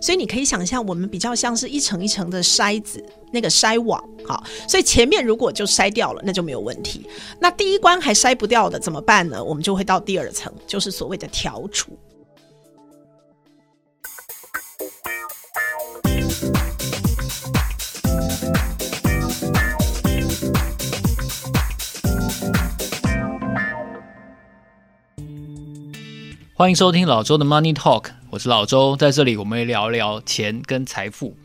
所以你可以想象，我們比較像是一層一層的篩子，那個篩網，好，所以前面如果就篩掉了，那就沒有問題。那第一關還篩不掉的怎麼辦呢？我們就會到第二層，就是所謂的調處歡迎收聽老周的 Money Talk，我是老周，在這裡我們也聊一聊錢跟財富。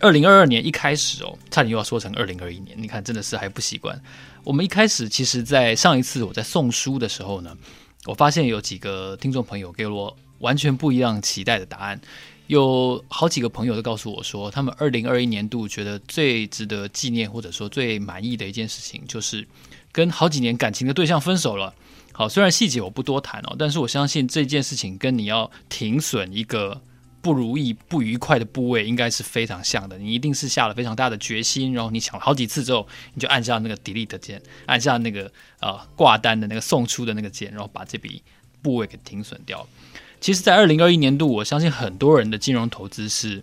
二零二二年一開始哦，差點又要說成二零二一年，你看真的是還不習慣。我們一開始其實，在上一次我在送書的時候呢，我發現有幾個聽眾朋友給我完全不一樣期待的答案，有好幾個朋友都告訴我說，他們二零二一年度覺得最值得紀念或者說最滿意的一件事情，就是跟好幾年感情的對象分手了。好，雖然細節我不多談哦，但是我相信這件事情跟你要停損一個不如意、不愉快的部位，應該是非常像的。你一定是下了非常大的決心，然後你想了好幾次之後，你就按下那個 delete 鍵，按下那個呃掛單的那個送出的那個鍵，然後把這筆部位給停損掉。其實，在二零二一年度，我相信很多人的金融投資是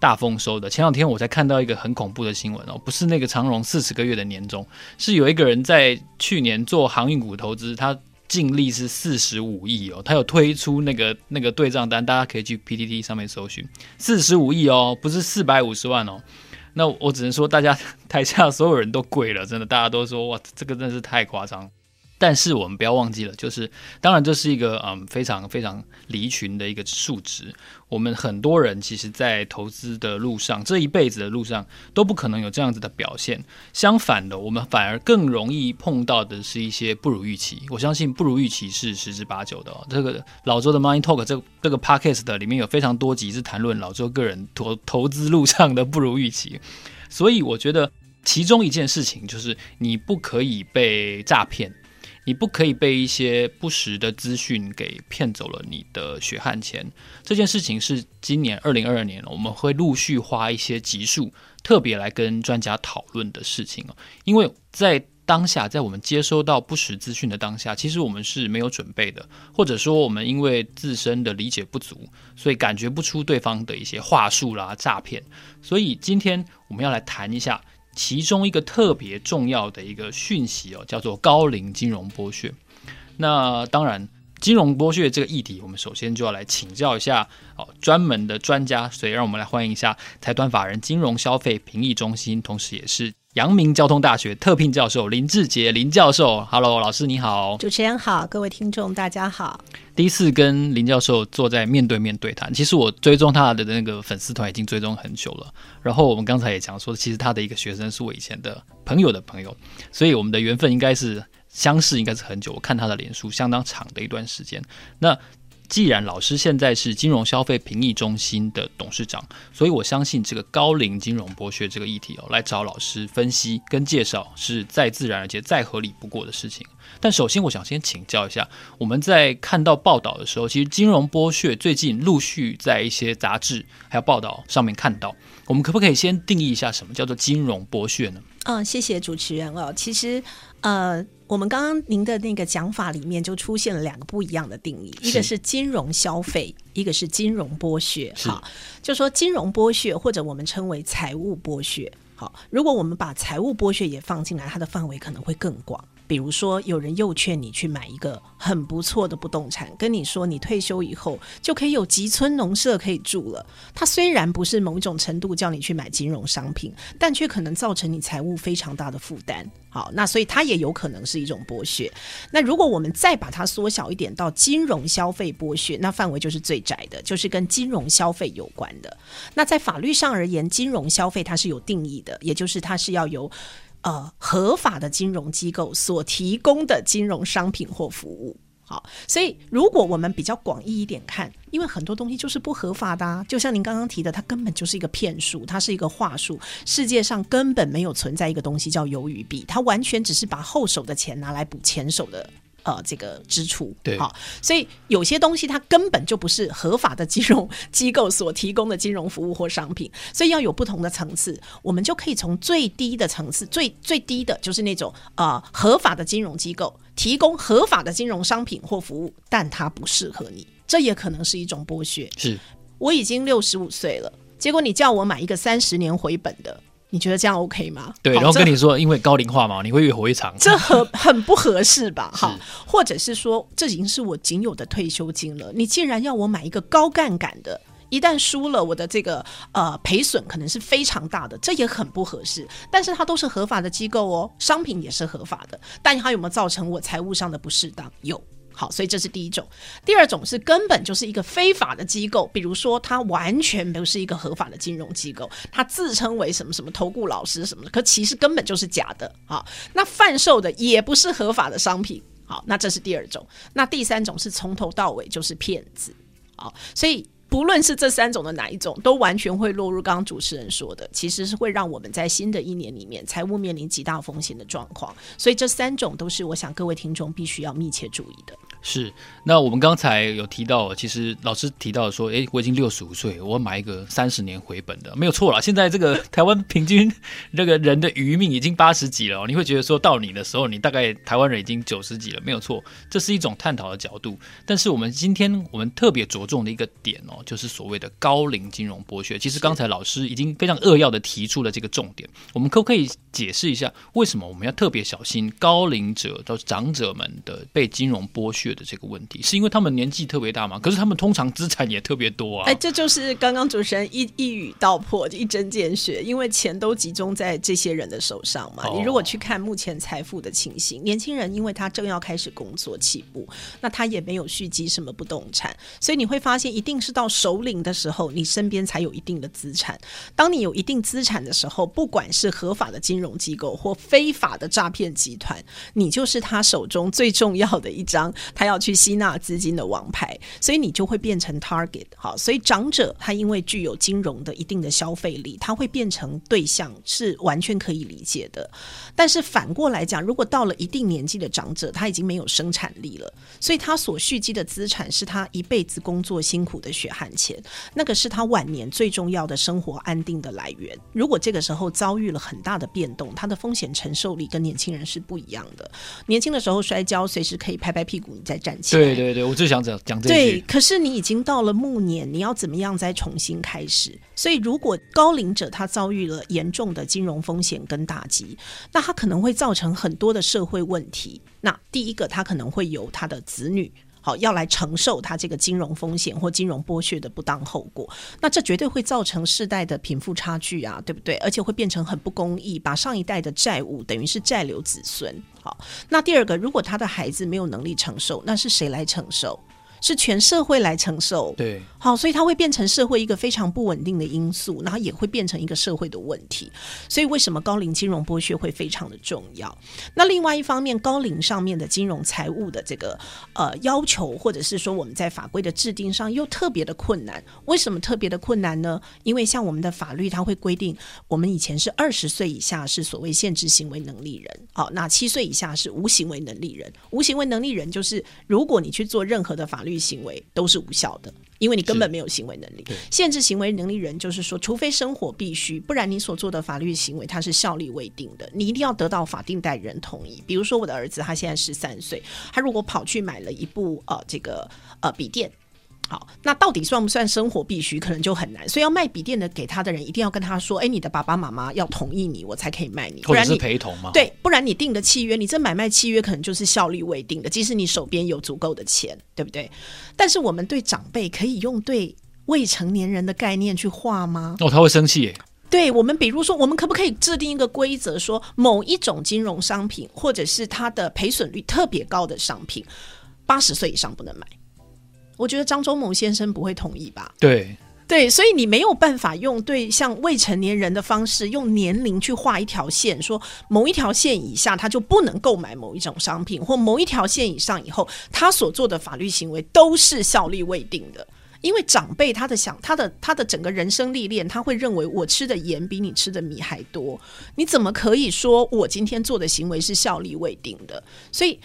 大豐收的。前兩天我才看到一個很恐怖的新聞哦，不是那個長榮四十個月的年終，是有一個人在去年做航運股投資，他。淨利是四十五億哦，他有推出那個那個對賬單，大家可以去 PTT 上面搜尋四十五億哦，不是四百五十萬哦。那我，我只能說，大家台下所有人都跪了，真的，大家都說哇，這個真的是太誇張。但是我們不要忘記了，就是當然這是一個嗯非常非常離群的一個數值。我們很多人其實，在投資的路上，這一輩子的路上都不可能有這樣子的表現。相反的，我們反而更容易碰到的是一些不如預期。我相信不如預期是十之八九的，哦。這個老周的 Money Talk 這個、這個 Podcast 的裡面有非常多集是談論老周個人投投資路上的不如預期。所以我覺得其中一件事情就是你不可以被詐騙。你不可以被一些不實的資訊給騙走了你的血汗錢，這件事情是今年二零二二年，我們會陸續花一些集數特別來跟專家討論的事情哦。因為在當下，在我們接收到不實資訊的當下，其實我們是沒有準備的，或者說我們因為自身的理解不足，所以感覺不出對方的一些話術啦、詐騙。所以今天我們要來談一下。其中一個特別重要的一個訊息哦，叫做高齡金融剝削。那當然，金融剝削這個議題，我們首先就要來請教一下哦，專門的專家。所以，讓我們來歡迎一下財團法人金融消費評議中心，同時也是。陽明交通大學特聘教授林志潔林教授，Hello，老師你好，主持人好，各位聽眾大家好。第一次跟林教授坐在面對面對談，其實我追蹤他的那個粉絲團已經追蹤很久了。然後我們剛才也講說，其實他的一個學生是我以前的朋友的朋友，所以我們的緣分應該是相識，應該是很久。我看他的臉書相當長的一段時間。那既然老師現在是金融消費評議中心的董事長，所以我相信這個高齡金融剝削這個議題哦，來找老師分析跟介紹是再自然而且再合理不過的事情。但首先，我想先請教一下，我們在看到報道的時候，其實金融剝削最近陸續在一些雜誌還有報道上面看到，我們可不可以先定義一下什麼叫做金融剝削呢？嗯，謝謝主持人哦。其實，呃，我們剛剛您的那個講法裡面就出現了兩個不一樣的定義，是一個是金融消費，一個是金融剝削。是好，就說金融剝削，或者我們稱為財務剝削。好，如果我們把財務剝削也放進來，它的範圍可能會更廣。比如說，有人又勸你去買一個很不錯的不動產，跟你說你退休以後就可以有集村農舍可以住了。它雖然不是某種程度叫你去買金融商品，但卻可能造成你財務非常大的負擔。好，那所以它也有可能是一種剝削。那如果我們再把它縮小一點，到金融消費剝削，那範圍就是最窄的，就是跟金融消費有關的。那在法律上而言，金融消費它是有定義的，也就是它是要由。呃，合法的金融機構所提供的金融商品或服務，好，所以如果我們比較廣義一點看，因為很多東西就是不合法的啊，就像您剛剛提的，它根本就是一個騙術，它是一個話術，世界上根本沒有存在一個東西叫魷魚幣，它完全只是把後手的錢拿來補前手的。呃，這個支出對，好、哦，所以有些東西它根本就不是合法的金融機構所提供的金融服務或商品，所以要有不同的層次，我們就可以從最低的層次，最最低的就是那種呃合法的金融機構提供合法的金融商品或服務，但它不適合你，這也可能是一種剝削。是，我已經六十五歲了，結果你叫我買一個三十年回本的。你覺得這樣 OK 嗎？對，哦、然後跟你說，很因為高齡化嘛，你會越活越長。這很、很不合適吧？哈 是，好，或者是說，這已經是我僅有的退休金了，你竟然要我買一個高槓桿的，一旦輸了，我的這個呃賠損可能是非常大的，這也很不合適。但是它都是合法的機構哦，商品也是合法的，但它有沒有造成我財務上的不適當？有。好，所以這是第一種。第二種是根本就是一個非法的機構，比如說它完全不是一個合法的金融機構，它自稱為什麼什麼投顧老師什麼的，可其實根本就是假的，好，那販售的也不是合法的商品，好，那這是第二種。那第三種是從頭到尾就是騙子，好，所以不論是這三種的哪一種，都完全會落入剛剛主持人說的，其實是會讓我們在新的一年裡面財務面臨極大風險的狀況。所以這三種都是我想各位聽眾必須要密切注意的。是，那我們剛才有提到，其實老師提到說，誒，我已經六十五歲，我買一個三十年回本的，沒有錯了。現在這個台灣平均那個人的餘命已經八十幾了，哦，你會覺得說到你的時候，你大概台灣人已經九十幾了，沒有錯。這是一種探討的角度。但是我們今天我們特別着重的一個點哦，就是所謂的高齡金融剝削。其實剛才老師已經非常扼要的提出了這個重點。我們可不可以解釋一下，為什麼我們要特別小心高齡者到長者們的被金融剝削？覺得這個問題是因為他們年紀特別大嗎？可是他們通常資產也特別多啊。哎，這就是剛剛主持人一一語道破，一針見血。因為錢都集中在這些人的手上嘛。哦、你如果去看目前財富的情形，年輕人因為他正要開始工作起步，那他也沒有蓄積什麼不動產，所以你會發現，一定是到首領的時候，你身邊才有一定的資產。當你有一定資產的時候，不管是合法的金融機構或非法的詐騙集團，你就是他手中最重要的一張他要去吸納資金的王牌，所以你就會變成 target。好，所以長者他因為具有金融的一定的消費力，他會變成對象是完全可以理解的。但是反過來講，如果到了一定年紀的長者，他已經沒有生產力了，所以他所蓄積的資產是他一輩子工作辛苦的血汗錢，那個是他晚年最重要的生活安定的來源。如果這個時候遭遇了很大的變動，他的風險承受力跟年輕人是不一樣的。年輕的時候摔跤，隨時可以拍拍屁股。再站起來。對對對，我就想講講這個。對，可是你已經到了暮年，你要怎麼樣再重新開始？所以，如果高齡者他遭遇了嚴重的金融風險跟打擊，那他可能會造成很多的社會問題。那第一個，他可能會有他的子女。要來承受他這個金融風險或金融剝削的不當後果，那這絕對會造成世代的貧富差距啊，對不對？而且會變成很不公義，把上一代的債務等於是債留子孫。好，那第二個，如果他的孩子沒有能力承受，那是誰來承受？是全社會來承受，對，好，所以它會變成社會一個非常不穩定的因素，然後也會變成一個社會的問題。所以為什麼高齡金融剝削會非常的重要？那另外一方面，高齡上面的金融財務的這個呃要求，或者是說我們在法規的制定上又特別的困難。為什麼特別的困難呢？因為像我們的法律，它會規定，我們以前是二十歲以下是所謂限制行為能力人，好，那七歲以下是無行為能力人。無行為能力人就是如果你去做任何的法律。法律行為都是無效的，因為你根本沒有行為能力。限制行為能力人就是說，除非生活必須，不然你所做的法律行為它是效力未定的，你一定要得到法定代理人同意。比如說，我的兒子他現在十三歲，他如果跑去買了一部呃這個呃筆電。好，那到底算不算生活必需？可能就很難。所以要賣筆電的給他的人，一定要跟他說：“哎、欸，你的爸爸媽媽要同意你，我才可以賣你。不然是陪同嗎？對，不然你定的契約，你這買賣契約可能就是效力未定的。即使你手邊有足夠的錢，對不對？但是我們對長輩可以用對未成年人的概念去畫嗎？哦，他會生氣耶。對我們，比如說，我們可不可以制定一個規則，說某一種金融商品，或者是它的賠損率特別高的商品，八十歲以上不能買？”我覺得張忠謀先生不會同意吧？對對，所以你沒有辦法用對像未成年人的方式，用年齡去畫一條線，說某一條線以下他就不能購買某一種商品，或某一條線以上以後他所做的法律行為都是效力未定的。因為長輩他的想他的他的整個人生歷練，他會認為我吃的鹽比你吃的米還多，你怎麼可以說我今天做的行為是效力未定的？所以。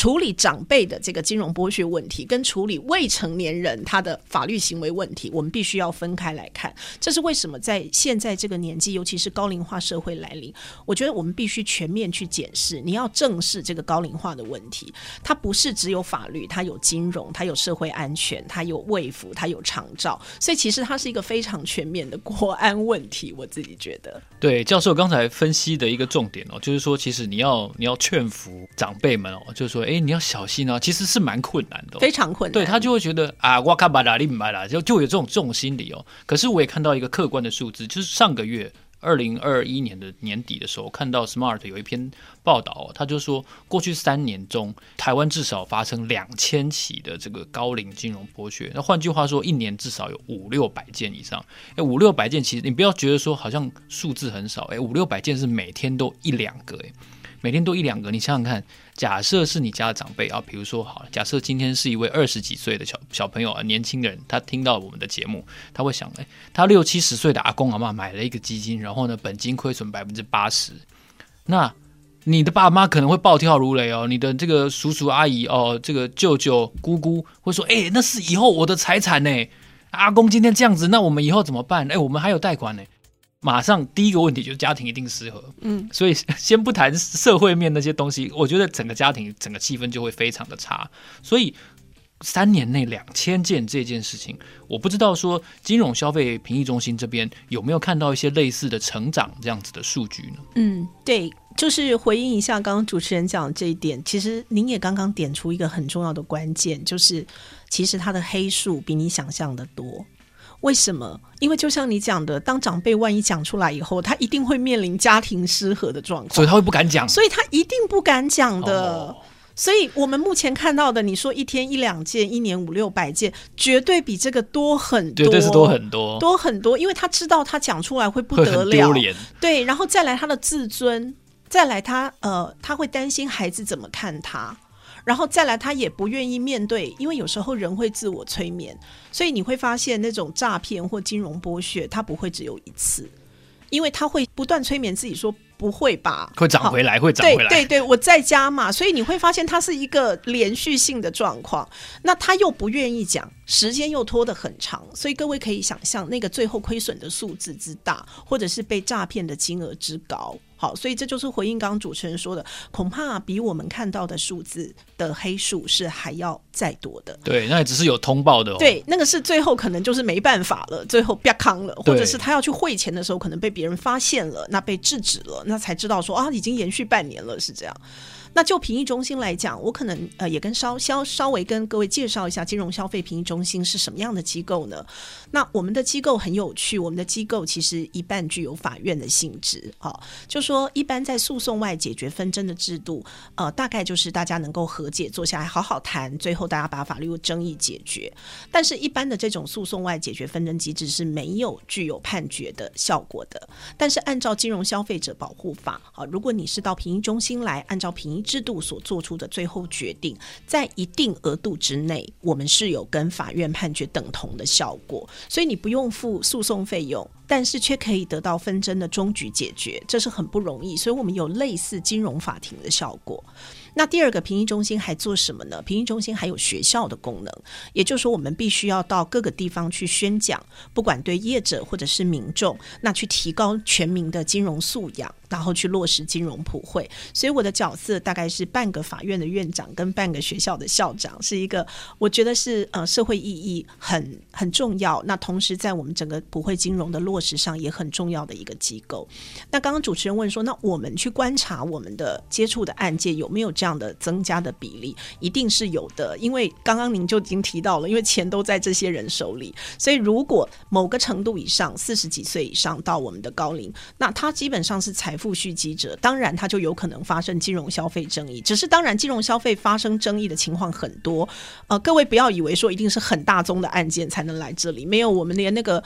處理長輩的這個金融剝削問題，跟處理未成年人他的法律行為問題，我們必須要分開來看。這是為什麼？在現在這個年紀，尤其是高齡化社會來臨，我覺得我們必須全面去檢視。你要正視這個高齡化的問題，它不是只有法律，它有金融，它有社會安全，它有衛福，它有長照，所以其實它是一個非常全面的國安問題。我自己覺得，對，教授剛才分析的一個重點哦，就是說，其實你要你要勸服長輩們哦，就是說。哎、欸，你要小心哦，啊，其實是蠻困難的，哦，非常困難。對，他就會覺得啊，我卡巴拉里巴拉，就就有這種這種心理哦。可是我也看到一個客觀的數字，就是上個月二零二一年的年底的時候，看到 Smart 有一篇報道，哦，他就說，過去三年中，台灣至少發生兩千起的這個高齡金融剝削。那換句話說，一年至少有五六百件以上。欸，五六百件，其實你不要覺得說好像數字很少，欸，五六百件是每天都一兩個，欸，每天都一兩個，你想想看，假設是你家的長輩啊，比如說好了，假設今天是一位二十幾歲的小小朋友啊，年輕人，他聽到我們的節目，他會想，哎，他六七十歲的阿公阿嬤買了一個基金，然後呢，本金虧損百分之八十，那你的爸媽可能會暴跳如雷哦，你的這個叔叔阿姨哦，這個舅舅姑姑會說，哎，那是以後我的財產呢，阿公今天這樣子，那我們以後怎麼辦？哎，我們還有貸款呢。馬上第一個問題就是家庭一定適合，嗯，所以先不談社會面那些東西，我覺得整個家庭整個氣氛就會非常的差。所以三年內兩千件這件事情，我不知道說金融消費評議中心這邊有沒有看到一些類似的成長這樣子的數據呢？嗯，對，就是回應一下剛剛主持人講的這一點，其實您也剛剛點出一個很重要的關鍵，就是其實它的黑數比你想象的多。為什麼？因為就像你講的，當長輩萬一講出來以後，他一定會面臨家庭失和的狀況，所以他會不敢講，所以他一定不敢講的。哦、所以我們目前看到的，你說一天一兩件，一年五六百件，絕對比這個多很多，絕對是多很多，多很多，因為他知道他講出來會不得了，對，然後再來他的自尊，再來他呃，他會擔心孩子怎麼看他。然後再來，他也不願意面對，因為有時候人會自我催眠，所以你會發現那種詐騙或金融剝削，他不會只有一次，因為他會不斷催眠自己說。不會吧？會漲回來，好會漲回來。對對，對，我在家嘛，所以你會發現它是一個連續性的狀況。那他又不願意講，時間又拖得很長，所以各位可以想象，那個最後虧損的數字之大，或者是被詐騙的金額之高。好，所以這就是回應剛剛主持人說的，恐怕比我們看到的數字的黑數是還要再多的。對，那也只是有通報的哦。對，那個是最後可能就是沒辦法了，最後啪康了，或者是他要去匯錢的時候，可能被別人發現了，那被制止了。那才知道說啊，已經延續半年了，是這樣。那就評議中心來講，我可能呃，也跟稍稍稍微跟各位介紹一下，金融消費評議中心是什麼樣的機構呢？那我們的機構很有趣，我們的機構其實一半具有法院的性質，啊、哦，就說一般在訴訟外解決紛爭的制度，呃，大概就是大家能夠和解坐下來好好談，最後大家把法律的爭議解決。但是，一般的這種訴訟外解決紛爭機制是沒有具有判決的效果的。但是，按照金融消費者保護法，啊、哦，如果你是到評議中心來，按照評議制度所做出的最後決定，在一定額度之內，我們是有跟法院判決等同的效果。所以你不用付訴訟費用。但是卻可以得到紛爭的終局解決，這是很不容易。所以，我們有類似金融法庭的效果。那第二個評議中心還做什麼呢？評議中心還有學校的功能，也就是說，我們必須要到各個地方去宣講，不管對業者或者是民眾，那去提高全民的金融素養，然後去落實金融普惠。所以，我的角色大概是半個法院的院長跟半個學校的校長，是一個我覺得是呃社會意義很很重要。那同時，在我們整個普惠金融的落事實上也很重要的一個機構。那剛剛主持人問說，那我們去觀察我們的接觸的案件有沒有這樣的增加的比例，一定是有的。因為剛剛您就已經提到了，因為錢都在這些人手裡，所以如果某個程度以上，四十幾歲以上到我們的高齡，那他基本上是財富蓄積者，當然他就有可能發生金融消費爭議。只是當然，金融消費發生爭議的情況很多，呃，各位不要以為說一定是很大宗的案件才能來這裡，沒有，我們連那個。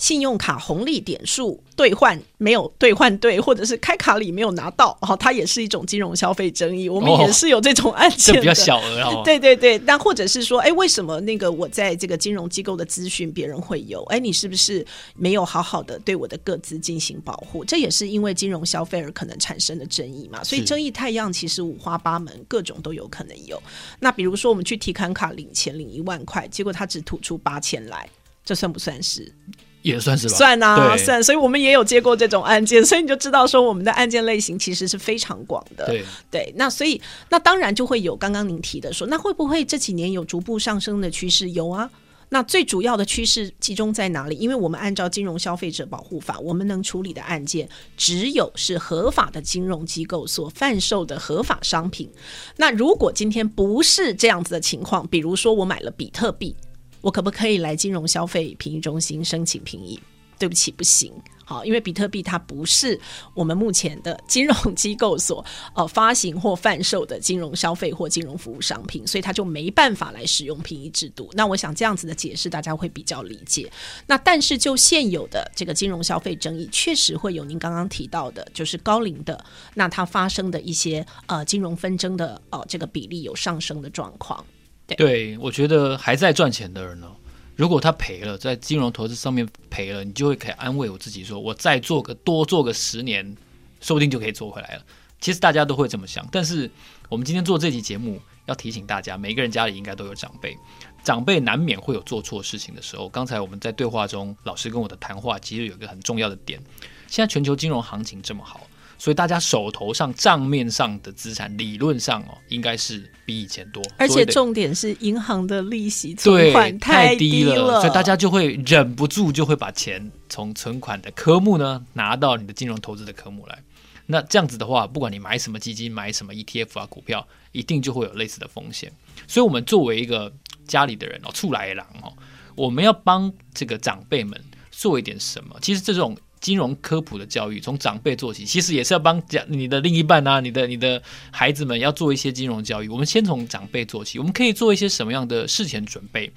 信用卡紅利點數兌換沒有兌換對，或者是開卡里沒有拿到，好、哦，它也是一種金融消費爭議。我們也是有這種案件的、哦，這比較小額、哦、 對對對，那或者是說，誒、欸，為什麼那個我在這個金融機構的資訊別人會有？誒、欸，你是不是沒有好好的對我的個資進行保護？這也是因為金融消費而可能產生的爭議嘛。所以爭議態樣其實五花八門，各種都有可能有。那比如說，我們去提款卡、卡領錢，領一萬塊，結果他只吐出八千來，這算不算是？也算是吧，算啊，對算。所以我們也有接過這種案件，所以你就知道說，我們的案件類型其實是非常廣的。對，對，那所以那當然就會有剛剛您提的說，那會不會這幾年有逐步上升的趨勢？有啊。那最主要的趨勢集中在哪裡？因為我們按照《金融消費者保護法》，我們能處理的案件只有是合法的金融機構所販售的合法商品。那如果今天不是這樣子的情況，比如說我買了比特幣。我可不可以來金融消費評議中心申請評議？對不起，不行。好，因為比特幣它不是我們目前的金融機構所呃發行或販售的金融消費或金融服務商品，所以它就沒辦法來使用評議制度。那我想這樣子的解釋大家會比較理解。那但是就現有的這個金融消費爭議，確實會有您剛剛提到的，就是高齡的，那它發生的一些呃金融紛爭的呃這個比例有上升的狀況。對，我覺得還在賺錢的人呢，哦，如果他賠了，在金融投資上面賠了，你就會可以安慰我自己說，我再做個多做個十年，說不定就可以做回來了。其實大家都會這麼想，但是我們今天做這期節目，要提醒大家，每個人家裡應該都有長輩，長輩難免會有做錯事情的時候。剛才我們在對話中，老師跟我的談話，其實有一個很重要的點，現在全球金融行情這麼好。所以大家手頭上賬面上的資產，理論上哦，應該是比以前多。而且重點是銀行的利息存款太低了，低了了，所以大家就會忍不住，就會把錢從存款的科目呢，拿到你的金融投資的科目來。那這樣子的話，不管你買什麼基金，買什麼 ETF 啊，股票，一定就會有類似的風險。所以我們作為一個家裡的人哦，出來一狼哦，我們要幫這個長輩們做一點什麼？其實這種。金融科普的教育從長輩做起，其實也是要幫講你的另一半啊，你的你的孩子們要做一些金融教育。我們先從長輩做起，我們可以做一些什麼樣的事前準備，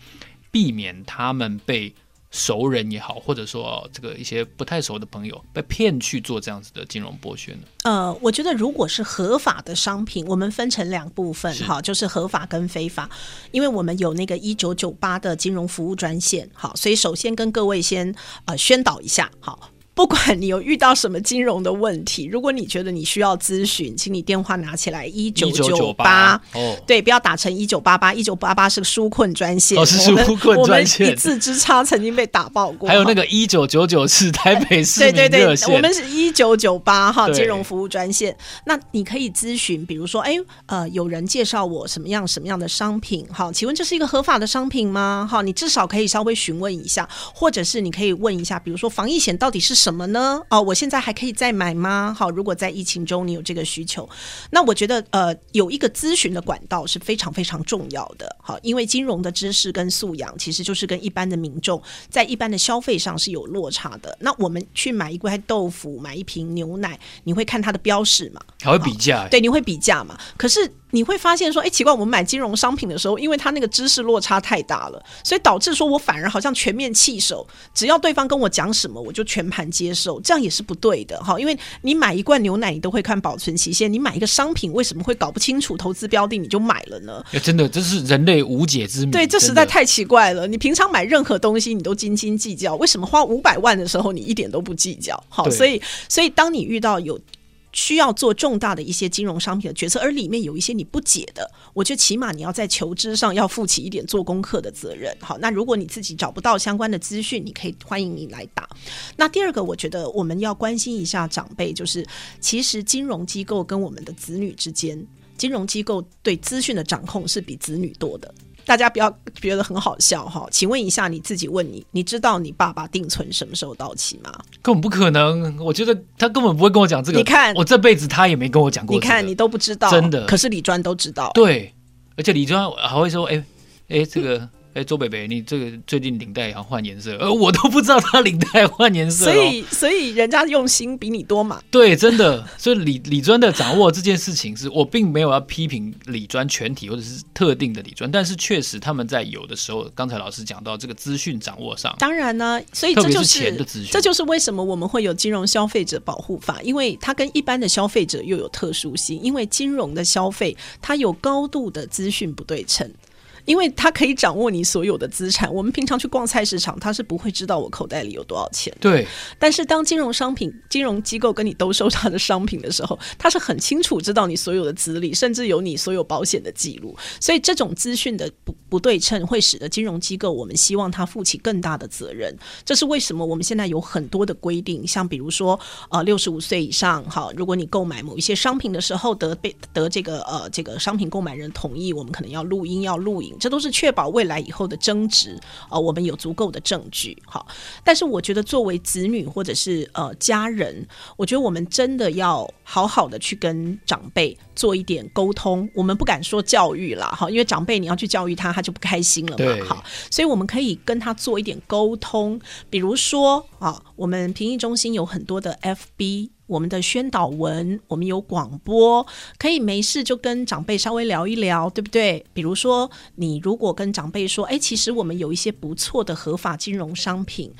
避免他們被熟人也好，或者說、哦、這個一些不太熟的朋友被騙去做這樣子的金融剝削呢？呃，我覺得如果是合法的商品，我們分成兩部分，哈是，就是合法跟非法。因為我們有那個一九九八的金融服務專線，好，所以首先跟各位先呃宣導一下，好。不管你有遇到什麼金融的問題，如果你覺得你需要諮詢，請你電話拿起來一九九八哦，對，不要打成一九八八一九八八是個紓困專線，哦，是紓困專線，我們我們一字之差曾經被打爆過。還有那個一九九九是台北市民熱線、呃、對對對，我們是一九九八哈對金融服務專線。那你可以諮詢，比如說，哎呃，有人介紹我什麼樣什麼樣的商品，哈，請問這是一個合法的商品嗎？哈，你至少可以稍微詢問一下，或者是你可以問一下，比如說，防疫險到底是什什麼呢？哦，我現在還可以再買嗎？好，如果在疫情中你有這個需求，那我覺得呃，有一個諮詢的管道是非常非常重要的。好，因為金融的知識跟素養其實就是跟一般的民眾在一般的消費上是有落差的。那我們去買一塊豆腐，買一瓶牛奶，你會看它的標示嘛？它會比價？對，你會比價嘛？可是。你會發現說，哎，奇怪，我們買金融商品的時候，因為它那個知識落差太大了，所以導致說我反而好像全面棄守，只要對方跟我講什麼，我就全盤接受，這樣也是不對的哈。因為你買一罐牛奶，你都會看保存期限；你買一個商品，為什麼會搞不清楚投資標的，你就買了呢？欸，真的，這是人類無解之謎。對，這實在太奇怪了。的你平常買任何東西，你都斤斤計較，為什麼花五百萬的時候，你一點都不計較？好，對所以，所以當你遇到有。需要做重大的一些金融商品的決策，而裡面有一些你不解的，我覺得起碼你要在求知上要負起一點做功課的責任。好，那如果你自己找不到相關的資訊，你可以歡迎你來打。那第二個，我覺得我們要關心一下長輩，就是其實金融機構跟我們的子女之間，金融機構對資訊的掌控是比子女多的。大家不要覺得很好笑哈，請問一下你自己，問你，你知道你爸爸定存什麼時候到期嗎？根本不可能，我覺得他根本不會跟我講這個。你看，我這輩子他也沒跟我講過這個。你看，你都不知道，真的。可是理專都知道。對，而且理專還會說：“哎，哎，這個。” 哎、欸，周伯伯，你這個最近領帶也要換顏色，而、呃、我都不知道他領帶換顏色，所以所以人家用心比你多嘛。對，真的。所以理理專的掌握這件事情，是我並沒有要批評理專全體或者是特定的理專，但是確實他們在有的時候，剛才老師講到這個資訊掌握上，當然呢、啊，所以這就是，是錢的資訊。這就是為什麼我們會有金融消費者保護法，因為它跟一般的消費者又有特殊性，因為金融的消費它有高度的資訊不對稱。因為他可以掌握你所有的資產。我們平常去逛菜市場，他是不會知道我口袋裡有多少錢。對。但是當金融商品、金融機構跟你兜售他的商品的時候，他是很清楚知道你所有的資歷，甚至有你所有保險的記錄。所以這種資訊的不不對稱，會使得金融機構，我們希望他負起更大的責任。這是為什麼我們現在有很多的規定，像比如說，呃，六十五歲以上，哈，如果你購買某一些商品的時候，得被得這個呃這個商品購買人同意，我們可能要錄音要錄影。這都是確保未來以後的爭執啊，我們有足夠的證據好。但是我覺得作為子女或者是呃家人，我覺得我們真的要好好的去跟長輩做一點溝通。我們不敢說教育了哈，因為長輩你要去教育他，他就不開心了嘛。哈對，所以我們可以跟他做一點溝通。比如說啊，我們評議中心有很多的 FB。我們的宣導文，我們有廣播，可以沒事就跟長輩稍微聊一聊，對不對？比如說，你如果跟長輩說，哎，其實我們有一些不錯的合法金融商品。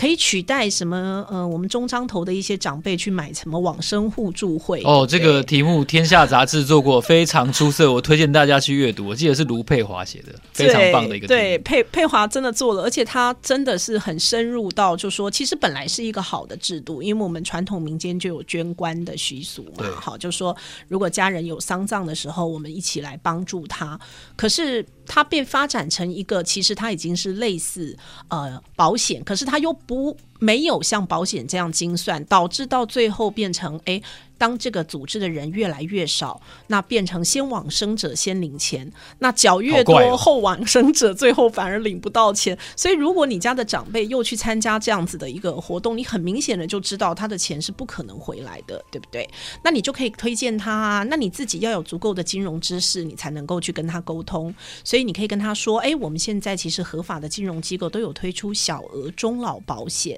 可以取代什麼？呃，我們中彰投的一些長輩去買什麼往生互助會？對對哦，這個題目《天下雜誌》做過非常出色，我推薦大家去閱讀。我記得是盧佩華寫的，對非常棒的一個。對佩佩華真的做了，而且他真的是很深入到，就說其實本來是一個好的制度，因為我們傳統民間就有捐棺的習俗嘛，對好，就說如果家人有喪葬的時候，我們一起來幫助他。可是。它變發展成一個，其實它已經是類似呃保險，可是它又不。沒有像保險這樣精算，導致到最後變成，誒、哎。當這個組織的人越來越少，那變成先往生者先領錢，那繳越多後往生者最後反而領不到錢。哦、所以如果你家的長輩又去參加這樣子的一個活動，你很明顯的就知道他的錢是不可能回來的，對不對？那你就可以推薦他，那你自己要有足夠的金融知識，你才能夠去跟他溝通。所以你可以跟他說，哎，我們現在其實合法的金融機構都有推出小額終老保險。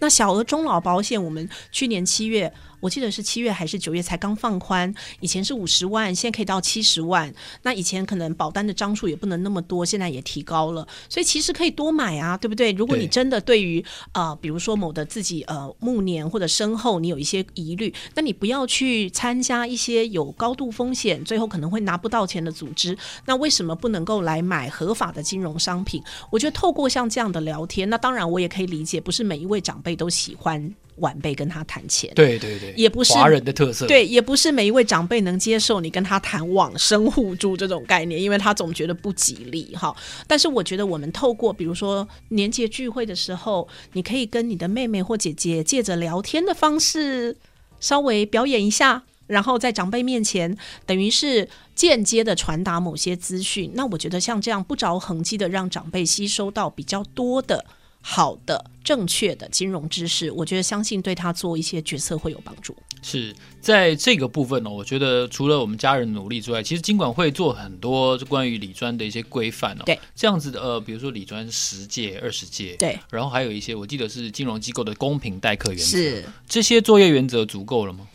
那小額終老保險，我們去年七月。我記得是七月還是九月才剛放寬，以前是五十萬，現在可以到七十萬。那以前可能保單的張數也不能那麼多，現在也提高了，所以其實可以多買啊，對不對？如果你真的對於、對、呃，比如說某的自己呃暮年、或者身後，你有一些疑慮，那你不要去參加一些有高度風險，最後可能會拿不到錢的組織。那為什麼不能夠來買合法的金融商品？我覺得透過像這樣的聊天，那當然我也可以理解，不是每一位長輩都喜歡。晚輩跟他談錢，對對對，也不是華人的特色，對，也不是每一位長輩能接受你跟他談往生互助這種概念，因為他總覺得不吉利哈。但是我覺得，我們透過比如說年節聚會的時候，你可以跟你的妹妹或姐姐借着聊天的方式稍微表演一下，然後在長輩面前等於是間接的傳達某些資訊。那我覺得像這樣不着痕迹的讓長輩吸收到比較多的。好的，正確的金融知識，我覺得相信對他做一些決策會有幫助。是在這個部分呢、哦，我覺得除了我們家人努力之外，其實金管會做很多關於理專的一些規範哦。對，這樣子的呃，比如說理專十誡、二十誡，對，然後還有一些我記得是金融機構的公平待客原則，是這些作業原則足夠了嗎？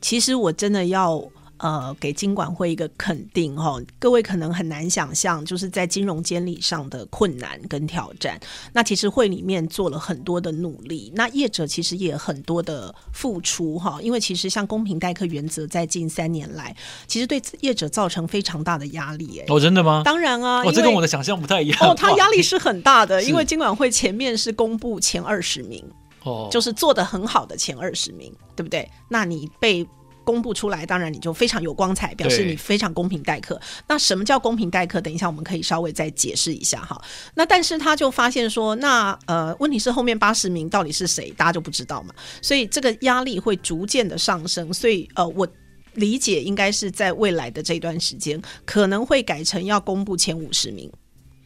其實我真的要。呃，給金管會一個肯定哈、哦，各位可能很難想象，就是在金融監理上的困難跟挑戰。那其實會裡面做了很多的努力，那業者其實也很多的付出哈、哦。因為其實像公平待客原則，在近三年來，其實對業者造成非常大的壓力誒。哎，哦，真的嗎？當然啊，哦、為這跟我的想象不太一樣。哦，哇它壓力是很大的，是因為金管會前面是公布前二十名，哦，就是做得很好的前二十名，對不對？那你被公布出來，當然你就非常有光彩，表示你非常公平待客。對那什麼叫公平待客？等一下我們可以稍微再解釋一下哈。那但是他就發現說，那呃，問題是後面八十名到底是誰，大家就不知道嘛。所以這個壓力會逐漸的上升。所以呃，我理解應該是在未來的這段時間可能會改成要公布前五十名。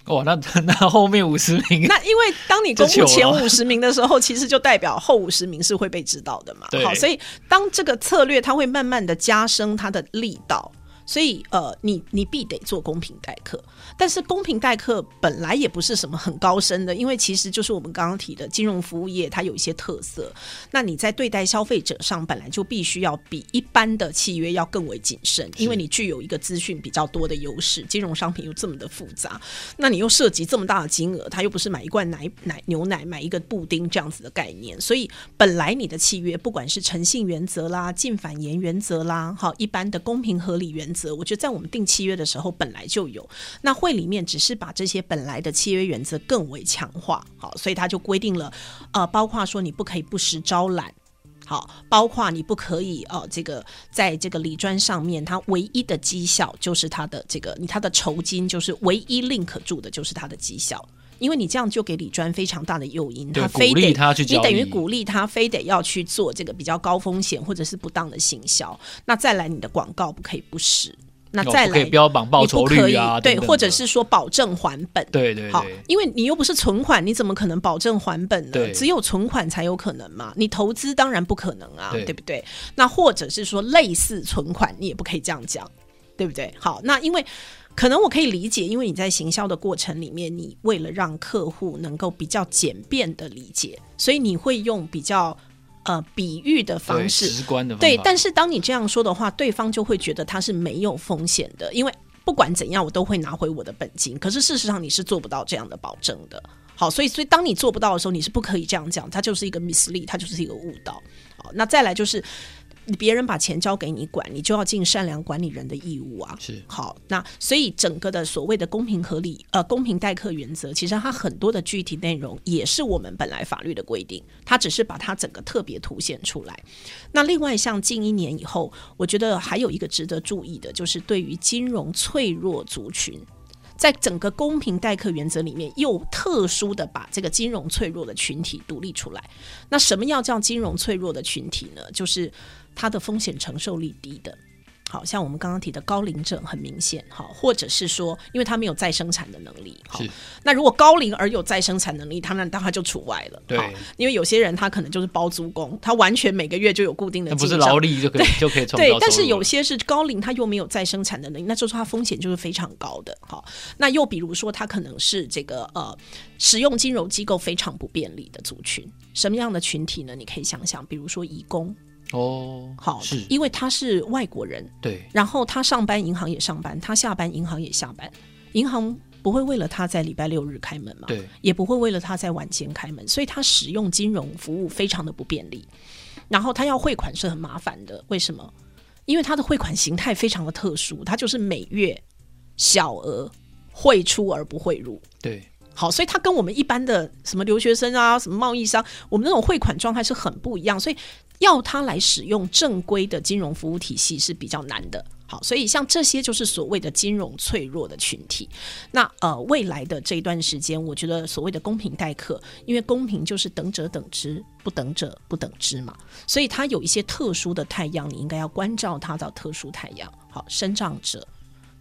哦，那那後面五十名，那因為當你公布前五十名的時候，其實就代表後五十名是會被知道的嘛。對好，所以當這個策略，它會慢慢的加深它的力道。所以，呃，你你必得做公平待客，但是公平待客本來也不是什麼很高深的，因為其實就是我們剛剛提的，金融服務業它有一些特色。那你在對待消費者上本來就必須要比一般的契約要更為謹慎，因為你具有一個資訊比較多的優勢。金融商品又這麼的複雜，那你又涉及這麼大的金額，它又不是買一罐奶奶牛奶買一個布丁這樣子的概念，所以本來你的契約，不管是誠信原則啦、禁反言原則啦，哈，一般的公平合理原則。則我覺得在我們訂契約的時候本來就有，那會裡面只是把這些本來的契約原則更為強化，好，所以他就規定了，呃，包括說你不可以不實招攬，好，包括你不可以呃，這個在這個理專上面，他唯一的績效就是他的這個，它他的酬金就是唯一 link 可住的就是它的績效。因為你這樣就給理專非常大的誘因，他非得他你等於鼓勵他非得要去做這個比較高風險或者是不當的行銷，那再來你的廣告不可以不實，那再來標榜報酬率啊，對，或者是說保證還本，對，對對，好，因為你又不是存款，你怎麼可能保證還本呢？對對對，只有存款才有可能嘛，你投資當然不可能啊，對，對不對？那或者是說類似存款，你也不可以這樣講，對不對？好，那因為。可能我可以理解，因為你在行銷的過程裡面，你為了讓客戶能夠比較簡便的理解，所以你會用比較呃比喻的方式，直觀的對。但是當你這樣說的話，對方就會覺得他是沒有風險的，因為不管怎樣，我都會拿回我的本金。可是事實上你是做不到這樣的保證的。好，所以所以當你做不到的時候，你是不可以這樣講，它就是一個 mislead，它就是一個誤導。好，那再來就是。別人把錢交給你管，你就要盡善良管理人的義務啊。是。好，那所以整個的所謂的公平合理呃，公平待客原則，其實它很多的具體內容也是我們本來法律的規定，它只是把它整個特別凸顯出來。那另外，像近一年以後，我覺得還有一個值得注意的，就是對於金融脆弱族群，在整個公平待客原則裡面又特殊的把這個金融脆弱的群體獨立出來。那什麼要叫金融脆弱的群體呢？就是他的風險承受力低的，好像我們剛剛提的高齡者很明顯，哈，或者是說，因為他沒有再生產的能力。好，是那如果高齡而有再生產能力，他們當然就除外了。對。因為有些人他可能就是包租公，他完全每個月就有固定的，不是勞力就可以對就可以從對。對。但是有些是高齡，他又沒有再生產的能力，那就是他風險就是非常高的。好。那又比如說，他可能是這個呃，使用金融機構非常不便利的族群，什麼樣的群體呢？你可以想想，比如說移工。哦，oh, 好，是因為他是外國人，對，然後他上班銀行也上班，他下班銀行也下班，銀行不會為了他在禮拜六日開門嘛，對，也不會為了他在晚間開門，所以他使用金融服務非常的不便利，然後他要匯款是很麻煩的，為什麼？因為他的匯款形態非常的特殊，他就是每月小額匯出而不匯入，對，好，所以他跟我們一般的什麼留學生啊，什麼貿易商，我們那種匯款狀態是很不一樣，所以。要他來使用正規的金融服務體系是比較難的。好，所以像這些就是所謂的金融脆弱的群體。那呃，未來的這一段時間，我覺得所謂的公平待客，因為公平就是等者等之，不等者不等之嘛。所以他有一些特殊的態樣，你應該要關照他的特殊態樣。好，身障者、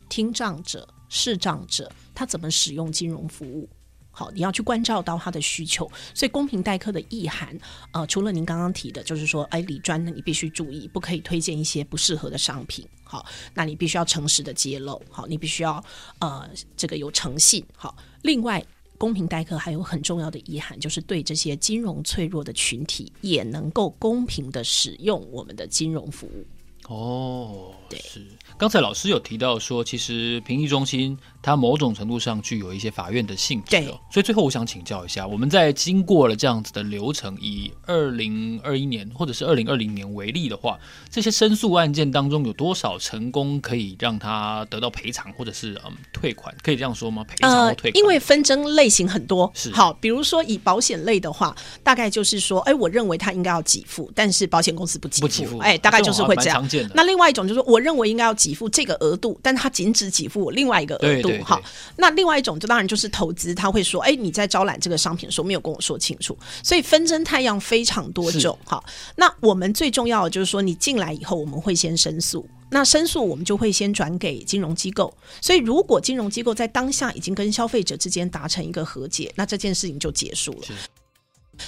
聽障者、視障者，他怎麼使用金融服務？好，你要去關照到他的需求，所以公平待客的意涵，呃，除了您剛剛提的，就是說，哎、呃，理專呢，你必須注意，不可以推薦一些不適合的商品，好，那你必須要誠實的揭露，好，你必須要呃，這個有誠信，好，另外，公平待客還有很重要的意涵，就是對這些金融脆弱的群體，也能夠公平的使用我們的金融服務。哦，對，是，剛才老師有提到說，其實評議中心。他某種程度上具有一些法院的性質，哦，對。所以最後我想請教一下，我們在經過了這樣子的流程，以二零二一年或者是二零二零年為例的話，這些申訴案件當中有多少成功可以讓他得到賠償或者是嗯退款？可以這樣說嗎？賠償或退款、呃、因為紛爭類型很多，是好，比如說以保險類的話，大概就是說，哎，我認為他應該要給付，但是保險公司不給付，不給付，哎誒，啊、大概就是會這樣。常見的。那另外一種就是，我認為應該要給付這個額度，但他僅止給付我另外一個額度。對對好，那另外一種就當然就是投資，他會說：“哎，你在招攬這個商品的時候沒有跟我說清楚。”所以紛爭態樣非常多種。是好，那我們最重要的就是說，你進來以後，我們會先申訴。那申訴我們就會先轉給金融機構。所以如果金融機構在當下已經跟消費者之間達成一個和解，那這件事情就結束了。是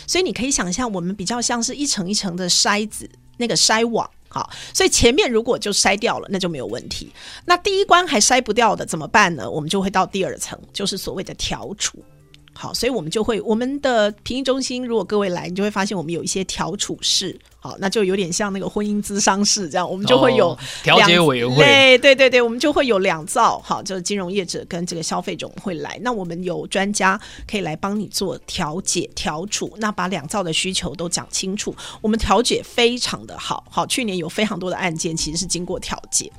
所以你可以想象，我們比較像是一層一層的篩子，那個篩網。好，所以前面如果就篩掉了，那就沒有問題。那第一關還篩不掉的怎麼辦呢？我們就會到第二層，就是所謂的調處。好，所以我們就會我們的評議中心，如果各位來，你就會發現我們有一些調處室，好，那就有點像那個婚姻諮商室這樣，我們就會有、哦、調解委員會。對，對對對，我們就會有兩造，好，就是金融業者跟這個消費者會來，那我們有專家可以來幫你做調解調處，那把兩造的需求都講清楚，我們調解非常的好，好，去年有非常多的案件其實是經過調解。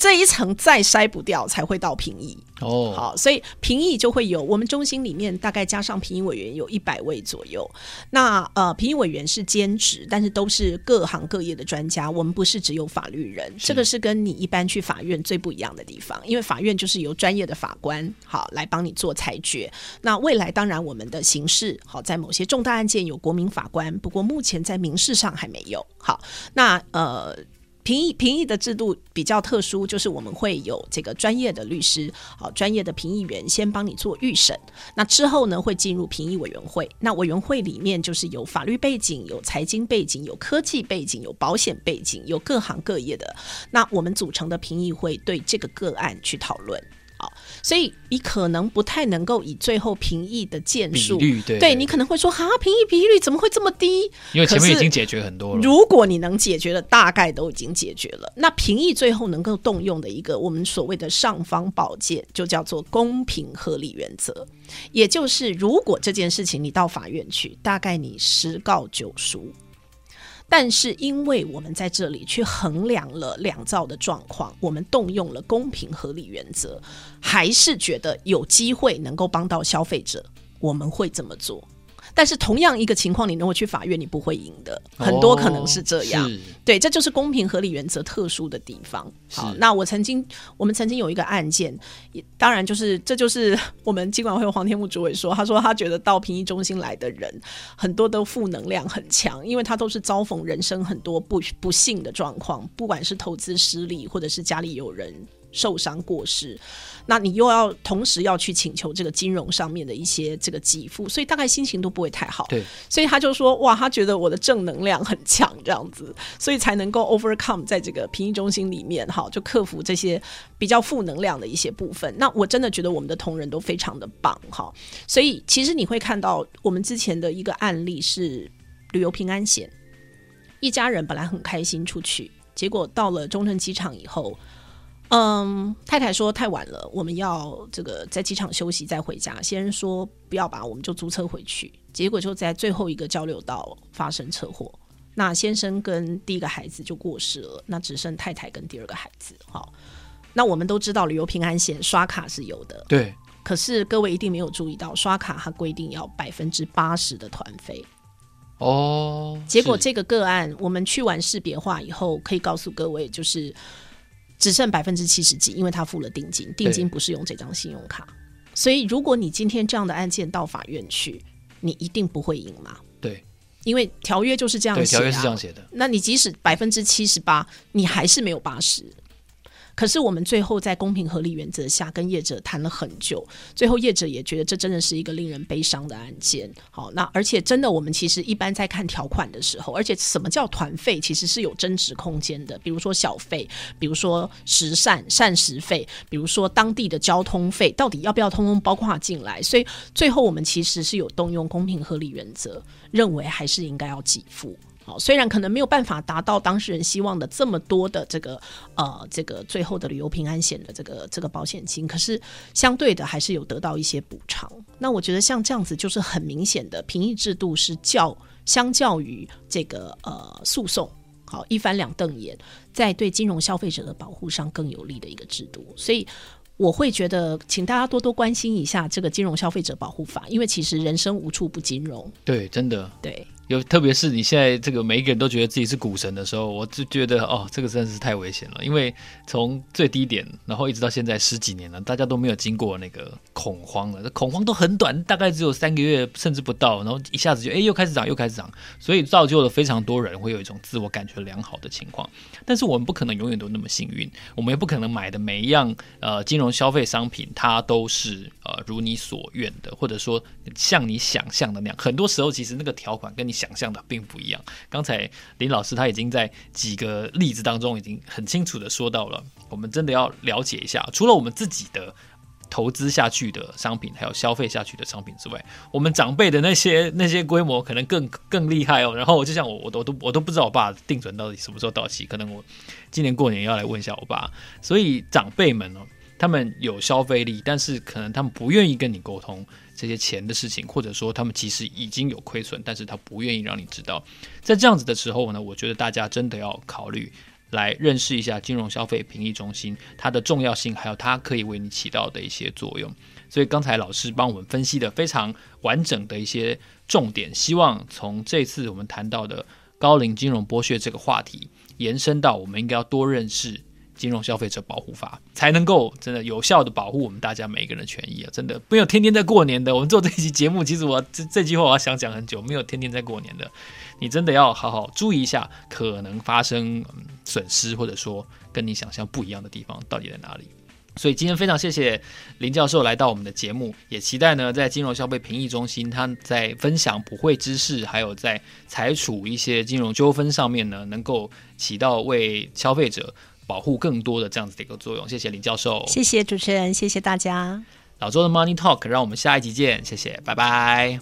這一層再篩不掉，才會到評議哦。Oh. 好，所以評議就會有我們中心裡面大概加上評議委員有一百位左右。那呃，評議委員是兼職，但是都是各行各業的專家。我們不是只有法律人，是這個是跟你一般去法院最不一樣的地方。因為法院就是由專業的法官好來幫你做裁決。那未來當然我們的刑事好，在某些重大案件有國民法官，不過目前在民事上還沒有。好，那呃。評議評議的制度比較特殊，就是我們會有這個專業的律師，啊專業的評議員先幫你做預審，那之後呢，會進入評議委員會，那委員會裡面就是有法律背景、有財經背景、有科技背景、有保險背景、有各行各業的，那我們組成的評議會對這個個案去討論。所以你可能不太能夠以最後評議的件數，對，對你可能會說啊，評議比率怎麼會這麼低？因為前面可是已經解決很多了。如果你能解決的，大概都已經解決了。那評議最後能夠動用的一個我們所謂的尚方寶劍，就叫做公平合理原則，也就是如果這件事情你到法院去，大概你十告九輸。但是，因為我們在這裡去衡量了兩造的狀況，我們動用了公平合理原則，還是覺得有機會能夠幫到消費者，我們會怎麼做？但是同樣一個情況，你如果去法院，你不會贏的，哦、很多可能是這樣。是對，這就是公平合理原則特殊的地方。好，是那我曾經，我們曾經有一個案件，當然就是這就是我們金管會有黃天牧主委說，他說他覺得到評議中心來的人很多都負能量很強，因為他都是遭逢人生很多不不幸的狀況，不管是投資失利，或者是家裡有人。受傷過失，那你又要同時要去請求這個金融上面的一些這個給付，所以大概心情都不會太好。對，所以他就說：“哇，他覺得我的正能量很強，這樣子，所以才能夠 overcome 在這個評議中心裡面，哈，就克服這些比較負能量的一些部分。”那我真的覺得我們的同仁都非常的棒，哈。所以其實你會看到我們之前的一個案例是旅遊平安險，一家人本來很開心出去，結果到了中正機場以後。嗯，um, 太太說太晚了，我們要這個在機場休息再回家。先生說不要吧，我們就租車回去。結果就在最後一個交流道發生車禍，那先生跟第一個孩子就過世了，那只剩太太跟第二個孩子。好，那我們都知道旅遊平安險刷卡是有的，對。可是各位一定沒有注意到刷卡，它規定要百分之八十的團費。哦。Oh, 結果這個個案，是我們去完識別化以後，可以告訴各位，就是。只剩百分之七十幾，因為他付了定金，定金不是用這張信用卡，對所以如果你今天這樣的案件到法院去，你一定不會贏嘛？對，因為條約就是這樣寫啊，對，條約是這樣寫的，那你即使百分之七十八，你還是沒有八十。對嗯可是我們最後在公平合理原則下跟業者談了很久，最後業者也覺得這真的是一個令人悲傷的案件。好，那而且真的我們其實一般在看條款的時候，而且什麼叫團費，其實是有增值空間的，比如說小費，比如說食膳膳食費，比如說當地的交通費，到底要不要通通包括進來？所以最後我們其實是有動用公平合理原則，認為還是應該要給付。雖然可能沒有辦法達到當事人希望的這麼多的這個呃這個最後的旅遊平安險的這個這個保險金，可是相對的還是有得到一些補償。那我覺得像這樣子就是很明顯的，評議制度是較相較於這個呃訴訟，好，一翻兩瞪眼，在對金融消費者的保護上更有利的一個制度。所以我會覺得，請大家多多關心一下這個金融消費者保護法，因為其實人生無處不金融。對，真的對。有，特別是你現在這個每一個人都覺得自己是股神的時候，我就覺得哦，這個真的是太危險了。因為從最低點，然後一直到現在十幾年了，大家都沒有經過那個恐慌了，恐慌都很短，大概只有三個月甚至不到，然後一下子就哎又開始漲，又開始漲，所以造就了非常多人會有一種自我感覺良好的情況。但是我們不可能永遠都那麼幸運，我們也不可能買的每一樣呃金融消費商品它都是呃如你所願的，或者說像你想象的那樣。很多時候其實那個條款跟你。想象的並不一樣。剛才林老師他已經在幾個例子當中已經很清楚的說到了，我們真的要了解一下，除了我們自己的投資下去的商品，還有消費下去的商品之外，我們長輩的那些那些規模可能更更厲害哦。然後我就像我我都我都不知道我爸定存到底什麼時候到期，可能我今年過年要來問一下我爸。所以長輩們哦，他們有消費力，但是可能他們不願意跟你溝通這些錢的事情，或者說他們其實已經有虧損，但是他不願意讓你知道。在這樣子的時候呢，我覺得大家真的要考慮來認識一下金融消費評議中心它的重要性，還有它可以為你起到的一些作用。所以剛才老師幫我們分析的非常完整的一些重點，希望從這次我們談到的高齡金融剝削這個話題，延伸到我們應該要多認識。金融消費者保護法才能夠真的有效地保護我們大家每個人的權益啊！真的沒有天天在過年的，我們做這期節目，其實我這這句話我要想講很久。沒有天天在過年的，你真的要好好注意一下可能發生嗯、損失，或者說跟你想象不一樣的地方到底在哪裡。所以今天非常謝謝林教授來到我們的節目，也期待呢，在金融消費評議中心，他在分享普惠知識，還有在裁處一些金融糾紛上面呢，能夠起到為消費者，保護更多的這樣子的一個作用。謝謝林教授。謝謝主持人，謝謝大家，老周的 Money Talk，讓我們下一集見，謝謝，拜拜。